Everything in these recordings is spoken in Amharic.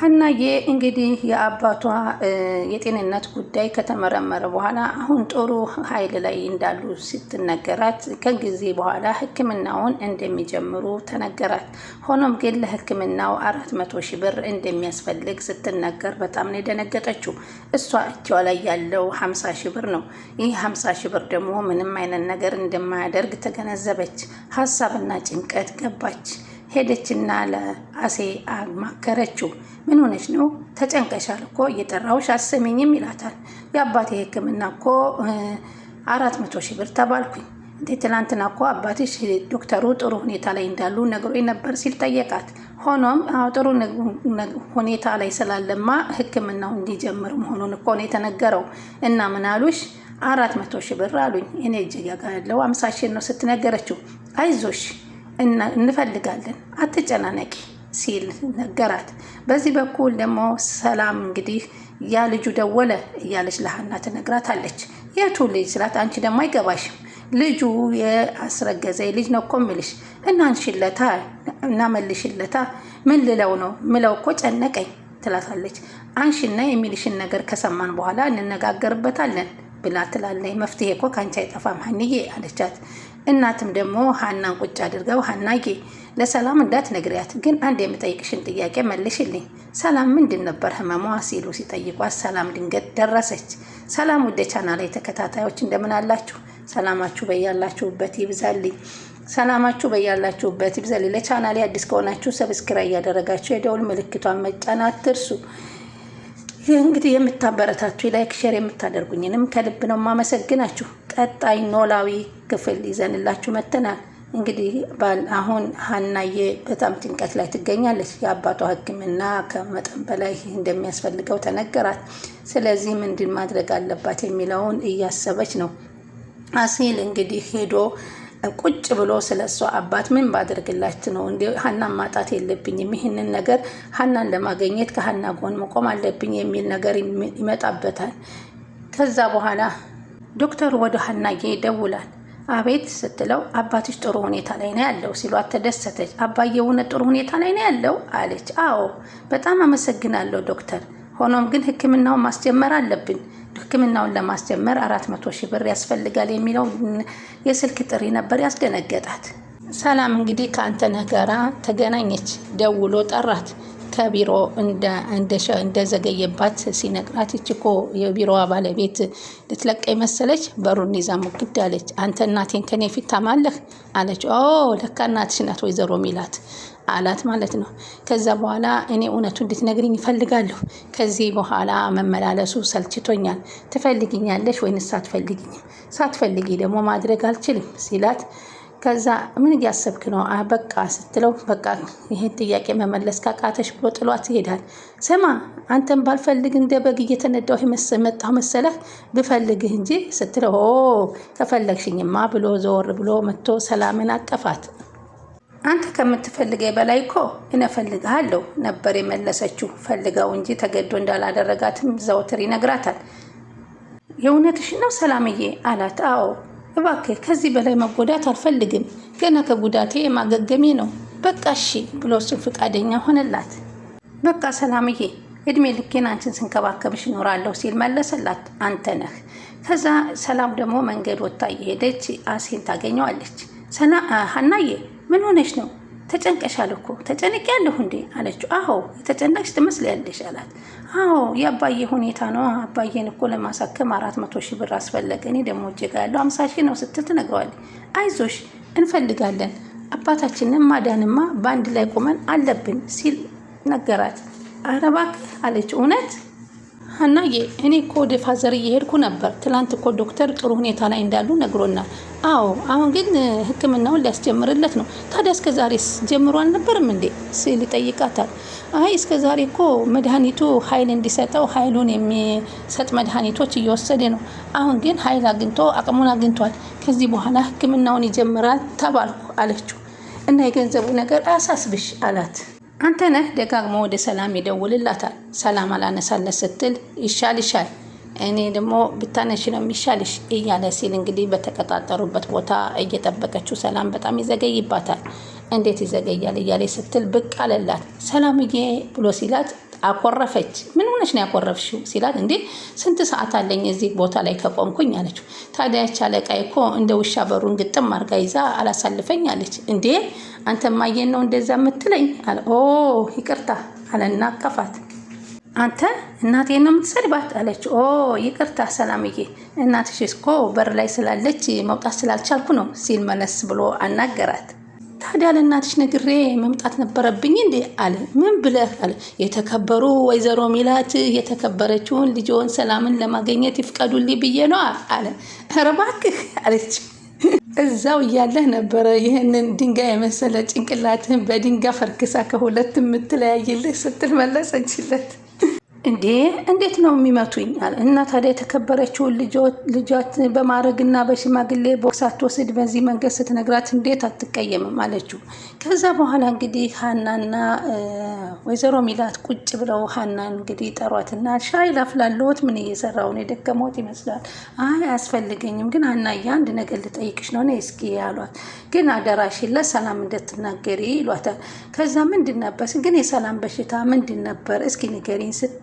ሀናዬ እንግዲህ የአባቷ የጤንነት ጉዳይ ከተመረመረ በኋላ አሁን ጥሩ ኃይል ላይ እንዳሉ ስትነገራት ከጊዜ በኋላ ሕክምናውን እንደሚጀምሩ ተነገራት። ሆኖም ግን ለሕክምናው አራት መቶ ሺህ ብር እንደሚያስፈልግ ስትነገር በጣም ነው የደነገጠችው። እሷ እጇ ላይ ያለው ሀምሳ ሺ ብር ነው። ይህ ሀምሳ ሺ ብር ደግሞ ምንም አይነት ነገር እንደማያደርግ ተገነዘበች። ሀሳብና ጭንቀት ገባች። ሄደችና ለአሴ አማከረችው። ምን ሆነች ነው ተጨንቀሻል እኮ እየጠራሁሽ አሰሚኝም ይላታል። የአባቴ ሕክምና እኮ አራት መቶ ሺህ ብር ተባልኩኝ። እንዴ ትላንትና እኮ አባትሽ ዶክተሩ ጥሩ ሁኔታ ላይ እንዳሉ ነግሮ ነበር ሲል ጠየቃት። ሆኖም ጥሩ ሁኔታ ላይ ስላለማ ሕክምናው እንዲጀምር መሆኑን እኮ ነው የተነገረው። እና ምን አሉሽ? አራት መቶ ሺህ ብር አሉኝ። እኔ እጅ ያጋ ያለው አምሳ ሺህ ነው ስትነገረችው አይዞሽ እንፈልጋለን አትጨናነቂ ሲል ነገራት። በዚህ በኩል ደግሞ ሰላም እንግዲህ ያ ልጁ ደወለ እያለች ለሀና ትነግራታለች። የቱ ልጅ ስላት አንቺ ደግሞ አይገባሽም ልጁ የአስረገዘ ልጅ ነው እኮ እምልሽ እናንሽለታ እናመልሽለታ ምን ልለው ነው ምለው እኮ ጨነቀኝ ትላታለች። አንሽና የሚልሽን ነገር ከሰማን በኋላ እንነጋገርበታለን ብላ ትላለች። መፍትሄ እኮ ከአንቺ አይጠፋም ሀንዬ አለቻት። እናትም ደግሞ ሀናን ቁጭ አድርገው ሀናዬ ለሰላም እንዳትነግሪያት፣ ግን አንድ የምጠይቅሽን ጥያቄ መልሽልኝ። ሰላም ምንድን ነበር ህመሟ ሲሉ ሲጠይቋት፣ ሰላም ድንገት ደረሰች። ሰላም ወደ ላይ ተከታታዮች እንደምን አላችሁ? ሰላማችሁ በያላችሁበት ይብዛልኝ። ሰላማችሁ በያላችሁበት ይብዛልኝ። ለቻናሌ አዲስ ከሆናችሁ ሰብስክራይብ እያደረጋችሁ የደውል ምልክቷን መጫን አትርሱ። እንግዲህ የምታበረታቱ ላይክ ሼር የምታደርጉኝንም ከልብ ነው የማመሰግናችሁ። ቀጣይ ኖላዊ ክፍል ይዘንላችሁ መጥተናል። እንግዲህ አሁን ሀናዬ በጣም ጭንቀት ላይ ትገኛለች። የአባቷ ሕክምና ከመጠን በላይ እንደሚያስፈልገው ተነገራት። ስለዚህ ምንድን ማድረግ አለባት የሚለውን እያሰበች ነው። አሲል እንግዲህ ሄዶ ቁጭ ብሎ ስለ እሷ አባት ምን ባደርግላት ነው እንዲ ሀናን ማጣት የለብኝም ይህንን ነገር ሀናን ለማገኘት ከሀና ጎን መቆም አለብኝ የሚል ነገር ይመጣበታል። ከዛ በኋላ ዶክተሩ ወደ ሀናዬ ይደውላል። አቤት ስትለው አባትሽ ጥሩ ሁኔታ ላይ ነው ያለው ሲሏት ተደሰተች። አባዬ እውነት ጥሩ ሁኔታ ላይ ነው ያለው አለች። አዎ በጣም አመሰግናለሁ ዶክተር፣ ሆኖም ግን ሕክምናውን ማስጀመር አለብን ህክምናውን ለማስጀመር አራት መቶ ሺህ ብር ያስፈልጋል የሚለው የስልክ ጥሪ ነበር ያስደነገጣት። ሰላም እንግዲህ ከአንተነህ ጋራ ተገናኘች። ደውሎ ጠራት። ከቢሮ እንደዘገየባት ሲነግራት ችኮ የቢሮዋ ባለቤት ልትለቀኝ መሰለች። በሩን ይዛ ሙግድ አለች። አንተ እናቴን ከኔ ፊት ታማለህ አለች። ኦ ለካ እናትሽ ናት ወይዘሮ ሚላት አላት ማለት ነው። ከዛ በኋላ እኔ እውነቱ እንድትነግሪኝ ይፈልጋለሁ። ከዚህ በኋላ መመላለሱ ሰልችቶኛል። ትፈልጊኛለሽ ወይንስ ሳትፈልጊኝም? ሳትፈልጊ ደግሞ ማድረግ አልችልም ሲላት ከዛ ምን እያሰብክ ነው? በቃ ስትለው በቃ ይህን ጥያቄ መመለስ ካቃተሽ ብሎ ጥሏት ይሄዳል። ስማ አንተን ባልፈልግ እንደ በግ እየተነዳሁ መጣሁ መሰለህ ብፈልግህ እንጂ ስትለው ከፈለግሽኝማ ብሎ ዘወር ብሎ መጥቶ ሰላምን አቀፋት። አንተ ከምትፈልገኝ በላይ እኮ እነፈልግሃለሁ ነበር የመለሰችው። ፈልጋው እንጂ ተገዶ እንዳላደረጋትም ዘውትር ይነግራታል። የእውነትሽ ነው ሰላምዬ አላት። አዎ እባክህ ከዚህ በላይ መጎዳት አልፈልግም። ገና ከጉዳቴ የማገገሜ ነው። በቃ እሺ ብሎ እሱ ፈቃደኛ ሆነላት። በቃ ሰላምዬ እድሜ ልኬን አንቺን ስንከባከብሽ እኖራለሁ ሲል መለሰላት። አንተ ነህ። ከዛ ሰላም ደግሞ መንገድ ወጥታ እየሄደች አሴን ታገኘዋለች። ሀናዬ ምን ሆነሽ ነው? ተጨንቀሻል እኮ። ያለሁ እንዴ አለችው። አዎ የተጨነቅሽ ትመስያለሽ አላት። አዎ የአባዬ ሁኔታ ነው። አባዬን እኮ ለማሳከም አራት መቶ ሺህ ብር አስፈለገ። እኔ ደግሞ እጀጋ ያለው አምሳ ሺህ ነው ስትል ትነግረዋለች። አይዞሽ እንፈልጋለን፣ አባታችንን ማዳንማ በአንድ ላይ ቁመን አለብን ሲል ነገራት። አረባክ አለች። አለችው። እውነት ሀናዬ እኔ እኮ ወደ ፋዘር እየሄድኩ ነበር። ትላንት እኮ ዶክተር ጥሩ ሁኔታ ላይ እንዳሉ ነግሮናል። አዎ አሁን ግን ሕክምናውን ሊያስጀምርለት ነው። ታዲያ እስከ ዛሬ ጀምሮ አልነበርም እንዴ ስል ይጠይቃታል። አይ እስከ ዛሬ እኮ መድኃኒቱ ኃይል እንዲሰጠው ኃይሉን የሚሰጥ መድኃኒቶች እየወሰደ ነው። አሁን ግን ኃይል አግኝቶ አቅሙን አግኝቷል። ከዚህ በኋላ ሕክምናውን ይጀምራል ተባልኩ አለችው። እና የገንዘቡ ነገር አያሳስብሽ አላት። አንተ ነህ ደጋግሞ ወደ ሰላም ይደውልላታል። ሰላም አላነሳለት ስትል ይሻል ይሻል እኔ ደግሞ ብታነሽ ነው የሚሻልሽ እያለ ሲል እንግዲህ በተቀጣጠሩበት ቦታ እየጠበቀችው ሰላም በጣም ይዘገይባታል። እንዴት ይዘገያል እያለ ስትል ብቅ አለላት። ሰላምዬ ብሎ ሲላት አኮረፈች። ምን ሆነች ነው ያኮረፍሽው ሲላት፣ እንዴ ስንት ሰዓት አለኝ እዚህ ቦታ ላይ ከቆምኩኝ አለችው። ታዲያ ያች አለቃዬ እኮ እንደ ውሻ በሩን ግጥም አርጋ ይዛ አላሳልፈኝ አለች። እንዴ አንተ ማየን ነው እንደዛ የምትለኝ? ኦ ይቅርታ አለና አቀፋት። አንተ እናቴን ነው የምትሰድባት አለች። ኦ ይቅርታ ሰላምዬ፣ እናትሽ እኮ በር ላይ ስላለች መውጣት ስላልቻልኩ ነው ሲል መለስ ብሎ አናገራት። ታዲያ ለእናትሽ ነግሬ መምጣት ነበረብኝ እንዴ አለ። ምን ብለህ አለ። የተከበሩ ወይዘሮ ሚላት የተከበረችውን ልጅዎን ሰላምን ለማገኘት ይፍቀዱልኝ ብዬ ነው አለ። ኧረ እባክህ አለች። እዛው እያለህ ነበረ ይህንን ድንጋይ የመሰለ ጭንቅላትህን በድንጋይ ፈርክሳ ከሁለት የምትለያይልህ ስትል መለሰችለት። እንዴ እንዴት ነው የሚመቱኝ? አለ እና ታዲያ የተከበረችውን ልጇት በማድረግና በሽማግሌ ቦክሳት ወስድ በዚህ መንገድ ስትነግራት እንዴት አትቀየምም? አለችው። ከዛ በኋላ እንግዲህ ሀናና ወይዘሮ ሚላት ቁጭ ብለው ሀናን እንግዲህ ጠሯትና ሻይ ላፍላለሁት ምን እየሰራው ነው? የደከመሁት ይመስላል። አይ አያስፈልገኝም፣ ግን ሀናዬ አንድ ነገር ልጠይቅሽ ነው እስኪ አሏት። ግን አደራሽን ለሰላም እንደትናገሪ ይሏታል። ከዛ ምንድን ነበር ግን የሰላም በሽታ ምንድን ነበር እስኪ ንገሪኝ ስት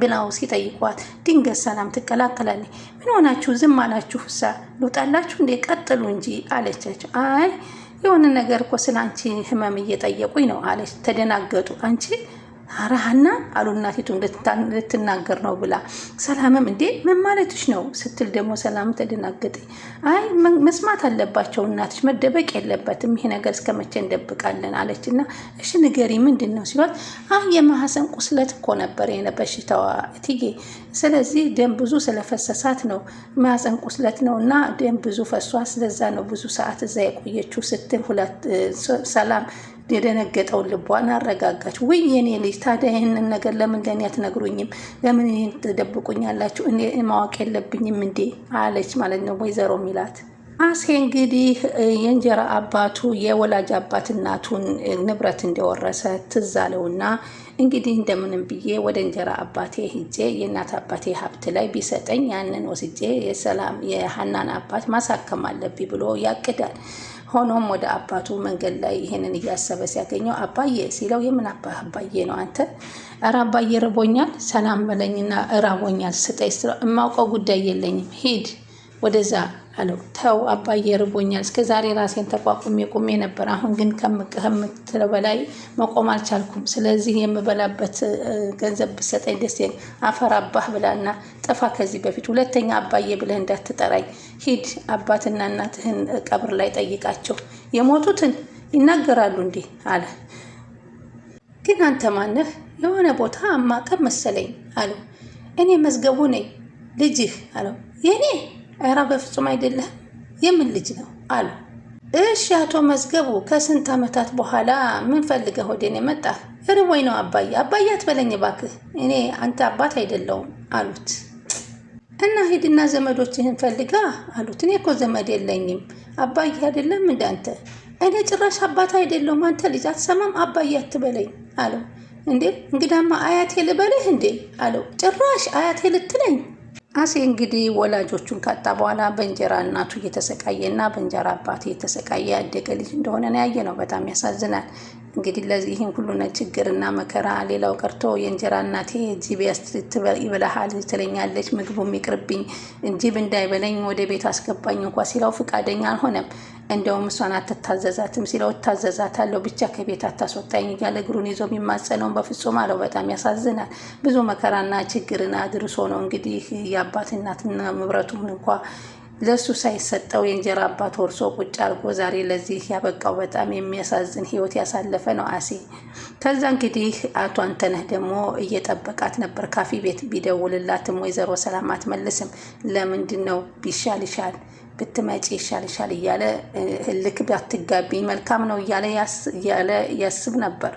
ብላው ሲጠይቋት ድንገት ሰላም ትቀላቀላለች። ምን ሆናችሁ ዝም አላችሁ? ሳ ልውጣላችሁ እንዴ? ቀጥሉ እንጂ አለቻቸው። አይ የሆነ ነገር እኮ ስለ አንቺ ህመም እየጠየቁኝ ነው አለች። ተደናገጡ። አንቺ አረሃና አሉ እናቲቱ ልትናገር ነው ብላ ሰላምም እንዴ ምን ማለትሽ ነው ስትል ደግሞ ሰላም ተደናገጠ። አይ መስማት አለባቸው እናትሽ፣ መደበቅ የለበትም ይሄ ነገር እስከ መቼ እንደብቃለን አለች እና እሺ ንገሪ ምንድን ነው ሲሏት፣ አይ የማህፀን ቁስለት እኮ ነበር በሽታዋ እትዬ ስለዚህ ደም ብዙ ስለፈሰሳት ነው ማፀን ቁስለት ነው እና ደም ብዙ ፈሷ፣ ስለዛ ነው ብዙ ሰዓት እዛ የቆየችው ስትል ሰላም የደነገጠውን ልቧን አረጋጋች። ውይ የኔ ልጅ ታዲያ ይህንን ነገር ለምን ለእኔ አትነግሩኝም? ለምን ይህን ትደብቁኛላችሁ? እኔ ማወቅ የለብኝም እንዴ? አለች ማለት ነው ወይዘሮ ሚላት አሴ እንግዲህ የእንጀራ አባቱ የወላጅ አባት እናቱን ንብረት እንደወረሰ ትዝ አለውና እንግዲህ እንደምንም ብዬ ወደ እንጀራ አባቴ ሂጄ የእናት አባቴ ሀብት ላይ ቢሰጠኝ ያንን ወስጄ የሰላም የሀናን አባት ማሳከም አለብኝ ብሎ ያቅዳል። ሆኖም ወደ አባቱ መንገድ ላይ ይሄንን እያሰበ ሲያገኘው አባዬ ሲለው የምን አባዬ ነው አንተ? ኧረ አባዬ ርቦኛል፣ ሰላም በለኝና እራቦኛል ስጠኝ ስለው የማውቀው ጉዳይ የለኝም ሂድ ወደዛ አለው። ተው አባዬ ርቦኛል። እስከ ዛሬ ራሴን ተቋቁሜ ቆሜ ነበር። አሁን ግን ከምትለው በላይ መቆም አልቻልኩም። ስለዚህ የምበላበት ገንዘብ ብሰጠኝ ደስ አባህ ብላና ጠፋ። ከዚህ በፊት ሁለተኛ አባዬ ብለህ እንዳትጠራኝ። ሂድ አባትና እናትህን ቀብር ላይ ጠይቃቸው። የሞቱትን ይናገራሉ እንዴ አለ። ግን አንተ ማነህ? የሆነ ቦታ አማቀብ መሰለኝ አለው። እኔ መዝገቡ ነኝ ልጅህ አለው። የኔ እረ በፍጹም አይደለም የምን ልጅ ነው አሉ። እሺ አቶ መዝገቡ ከስንት ዓመታት በኋላ ምን ፈልገህ ወደኔ መጣህ? ርቦኝ ነው አባዬ። አባዬ አትበለኝ እባክህ፣ እኔ አንተ አባት አይደለውም አሉት። እና ሂድና ዘመዶችህን ፈልጋ አሉት። እኔ እኮ ዘመድ የለኝም አባዬ አይደለም እንዳንተ። እኔ ጭራሽ አባት አይደለውም አንተ ልጅ አትሰማም፣ አባዬ አትበለኝ አለው። እንዴ እንግዳማ አያቴ ልበልህ እንዴ አለው። ጭራሽ አያቴ ልትለኝ አሴ እንግዲህ ወላጆቹን ካጣ በኋላ በእንጀራ እናቱ እየተሰቃየ እና በእንጀራ አባት እየተሰቃየ ያደገ ልጅ እንደሆነ ነው ያየ ነው። በጣም ያሳዝናል። እንግዲህ ለዚህ ለዚህም ሁሉን ችግርና መከራ ሌላው ቀርቶ የእንጀራ እናቴ ጅብ ይበላሃል ትለኛለች፣ ምግቡም ይቅርብኝ፣ ጅብ እንዳይበለኝ ወደ ቤት አስገባኝ እንኳ ሲለው ፍቃደኛ አልሆነም። እንደውም እሷን አትታዘዛትም ሲለው እታዘዛታለሁ፣ ብቻ ከቤት አታስወጣኝ እያለ እግሩን ይዞ የሚማጸነውን በፍጹም አለው። በጣም ያሳዝናል። ብዙ መከራና ችግርን አድርሶ ነው እንግዲህ የአባት እናትና ንብረቱን እንኳ ለእሱ ሳይሰጠው የእንጀራ አባት ወርሶ ቁጭ አርጎ ዛሬ ለዚህ ያበቃው በጣም የሚያሳዝን ህይወት ያሳለፈ ነው አሴ። ከዛ እንግዲህ አቶ አንተነህ ደግሞ እየጠበቃት ነበር። ካፊ ቤት ቢደውልላትም ወይዘሮ ሰላም አትመልስም። ለምንድን ነው ቢሻል ይሻል ብትመጪ ይሻል ይሻል እያለ ልክ ባትጋቢ መልካም ነው እያለ ያስብ ነበር።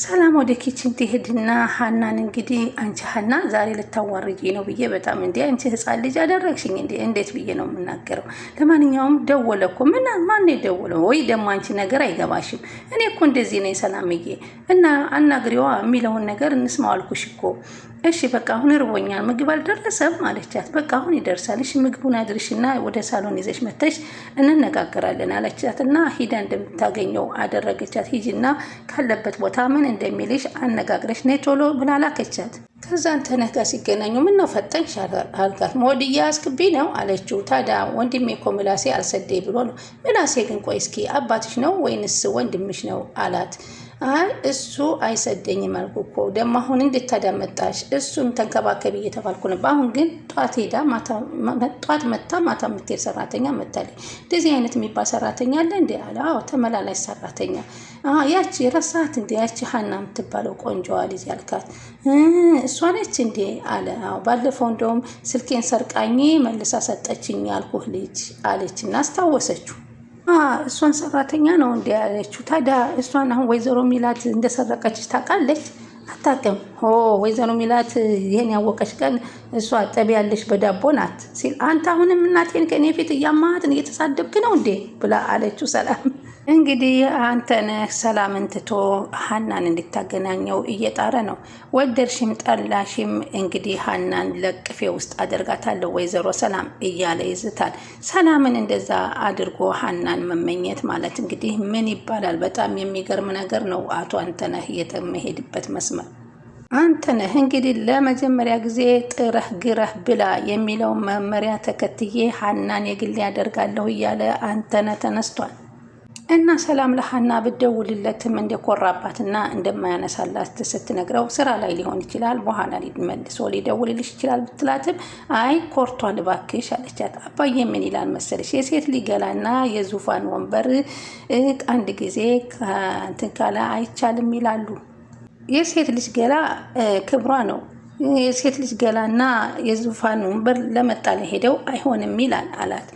ሰላም ወደ ኪችን ትሄድና ሀናን እንግዲህ አንቺ ሀና ዛሬ ልታዋርጂ ነው ብዬ በጣም እንዲ አንቺ ህፃን ልጅ አደረግሽኝ እንዲ እንዴት ብዬ ነው የምናገረው? ለማንኛውም ደወለ እኮ ምና ማን የደወለው? ወይ ደግሞ አንቺ ነገር አይገባሽም። እኔ እኮ እንደዚህ ነው ሰላምዬ፣ እና አናግሪዋ የሚለውን ነገር እንስማው አልኩሽ እኮ። እሺ በቃ አሁን እርቦኛል፣ ምግብ አልደረሰም አለቻት። በቃ አሁን ይደርሳል። እሺ ምግቡን አድርሽና ወደ ሳሎን ይዘሽ መተሽ እንነጋገራለን አለቻት እና ሂዳ እንደምታገኘው አደረገቻት። ሂጂና ካለበት ቦታ ምን እንደሚልሽ አነጋግረሽ ነይ ቶሎ ብላ ላከቻት። ከዛን ተነጋ ሲገናኙ ምነው ፈጠንሽ አልጋት ሞድ እያያዝክብኝ ነው አለችው። ታዲያ ወንድሜ እኮ ምላሴ አልሰደይ ብሎ ነው። ምላሴ ግን ቆይ እስኪ አባትሽ ነው ወይንስ ወንድምሽ ነው አላት። አይ እሱ አይሰደኝም አልኩ እኮ ደግሞ አሁን እንድታዳመጣሽ እሱን ተንከባከቢ እየተባልኩ ነበር። አሁን ግን ጧት ሄዳ ጧት መታ ማታ የምትሄድ ሰራተኛ መታለች። እንደዚህ አይነት የሚባል ሰራተኛ አለ እንዲ አለ። አዎ ተመላላሽ ሰራተኛ ያቺ ረሳት እንዲ ያቺ ሀና የምትባለው ቆንጆዋ ልጅ ያልካት እሷ ነች እንዴ አለ። አዎ ባለፈው እንደውም ስልኬን ሰርቃኝ መልሳ ሰጠችኝ ያልኩህ ልጅ አለች እና አስታወሰችው። እሷን ሰራተኛ ነው እንዲ ያለችው። ታዲያ እሷን አሁን ወይዘሮ ሚላት እንደሰረቀች ታውቃለች? አታውቅም። ሆ ወይዘሮ ሚላት ይህን ያወቀች ቀን እሷ ጠብ ያለች በዳቦ ናት ሲል አንተ አሁንም እናቴን ከእኔ ፊት እያማትን እየተሳደብክ ነው እንዴ ብላ አለችው ሰላም እንግዲህ አንተነህ ሰላምን ትቶ ሀናን እንድታገናኘው እየጣረ ነው። ወደድሽም ጠላሽም እንግዲህ ሀናን ለቅፌ ውስጥ አደርጋታለሁ ወይዘሮ ሰላም እያለ ይዝታል። ሰላምን እንደዛ አድርጎ ሀናን መመኘት ማለት እንግዲህ ምን ይባላል? በጣም የሚገርም ነገር ነው። አቶ አንተነህ የተመሄድበት መስመር ነህ እንግዲህ ለመጀመሪያ ጊዜ ጥረህ ግረህ ብላ የሚለው መመሪያ ተከትዬ ሀናን የግሌ ያደርጋለሁ እያለ አንተነህ ተነስቷል። እና ሰላም ለሀና ብደውልለትም እንደኮራባትና እንደማያነሳላት ስትነግረው ስራ ላይ ሊሆን ይችላል በኋላ መልሶ ሊደውልልሽ ይችላል ብትላትም አይ ኮርቷል እባክሽ አለቻት። አባዬ ምን ይላል መሰለሽ የሴት ሊገላና የዙፋን ወንበር አንድ ጊዜ እንትን ካለ አይቻልም ይላሉ። የሴት ልጅ ገላ ክብሯ ነው። የሴት ልጅ ገላና የዙፋን ወንበር ለመጣ ለሄደው አይሆንም ይላል አላት።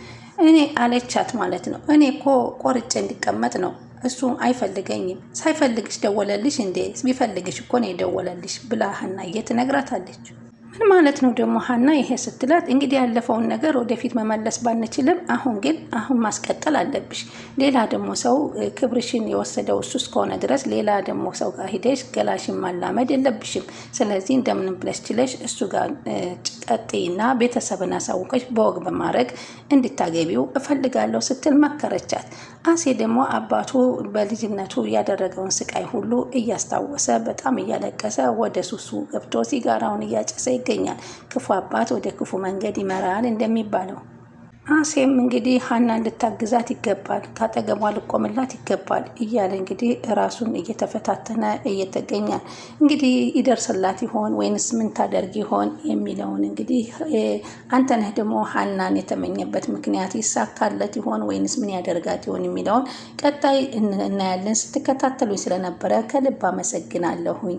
እኔ አለቻት ማለት ነው። እኔ እኮ ቆርጬ እንዲቀመጥ ነው እሱ አይፈልገኝም። ሳይፈልግሽ ደወለልሽ እንዴ? ቢፈልግሽ እኮ ነው የደወለልሽ ብላ ሀናዬ ነግራታለች። ምን ማለት ነው ደግሞ ሀና ይሄ ስትላት፣ እንግዲህ ያለፈውን ነገር ወደፊት መመለስ ባንችልም፣ አሁን ግን አሁን ማስቀጠል አለብሽ። ሌላ ደግሞ ሰው ክብርሽን የወሰደው እሱ እስከሆነ ድረስ ሌላ ደግሞ ሰው ጋር ሂደሽ ገላሽን ማላመድ የለብሽም። ስለዚህ እንደምንም ብለሽ ችለሽ እሱ ጋር ቀጥይና ቤተሰብን አሳውቀሽ በወግ በማድረግ እንድታገቢው እፈልጋለሁ ስትል መከረቻት። አሴ ደግሞ አባቱ በልጅነቱ ያደረገውን ስቃይ ሁሉ እያስታወሰ በጣም እያለቀሰ ወደ ሱሱ ገብቶ ሲጋራውን እያጨሰ ይገኛል። ክፉ አባት ወደ ክፉ መንገድ ይመራል እንደሚባለው አሴም እንግዲህ ሀናን ልታግዛት ይገባል፣ ካጠገቧ ልቆምላት ይገባል እያለ እንግዲህ ራሱን እየተፈታተነ እየተገኛል። እንግዲህ ይደርስላት ይሆን ወይንስ ምን ታደርግ ይሆን የሚለውን እንግዲህ አንተነህ ደግሞ ሀናን የተመኘበት ምክንያት ይሳካለት ይሆን ወይንስ ምን ያደርጋት ይሆን የሚለውን ቀጣይ እናያለን። ስትከታተሉኝ ስለነበረ ከልብ አመሰግናለሁኝ።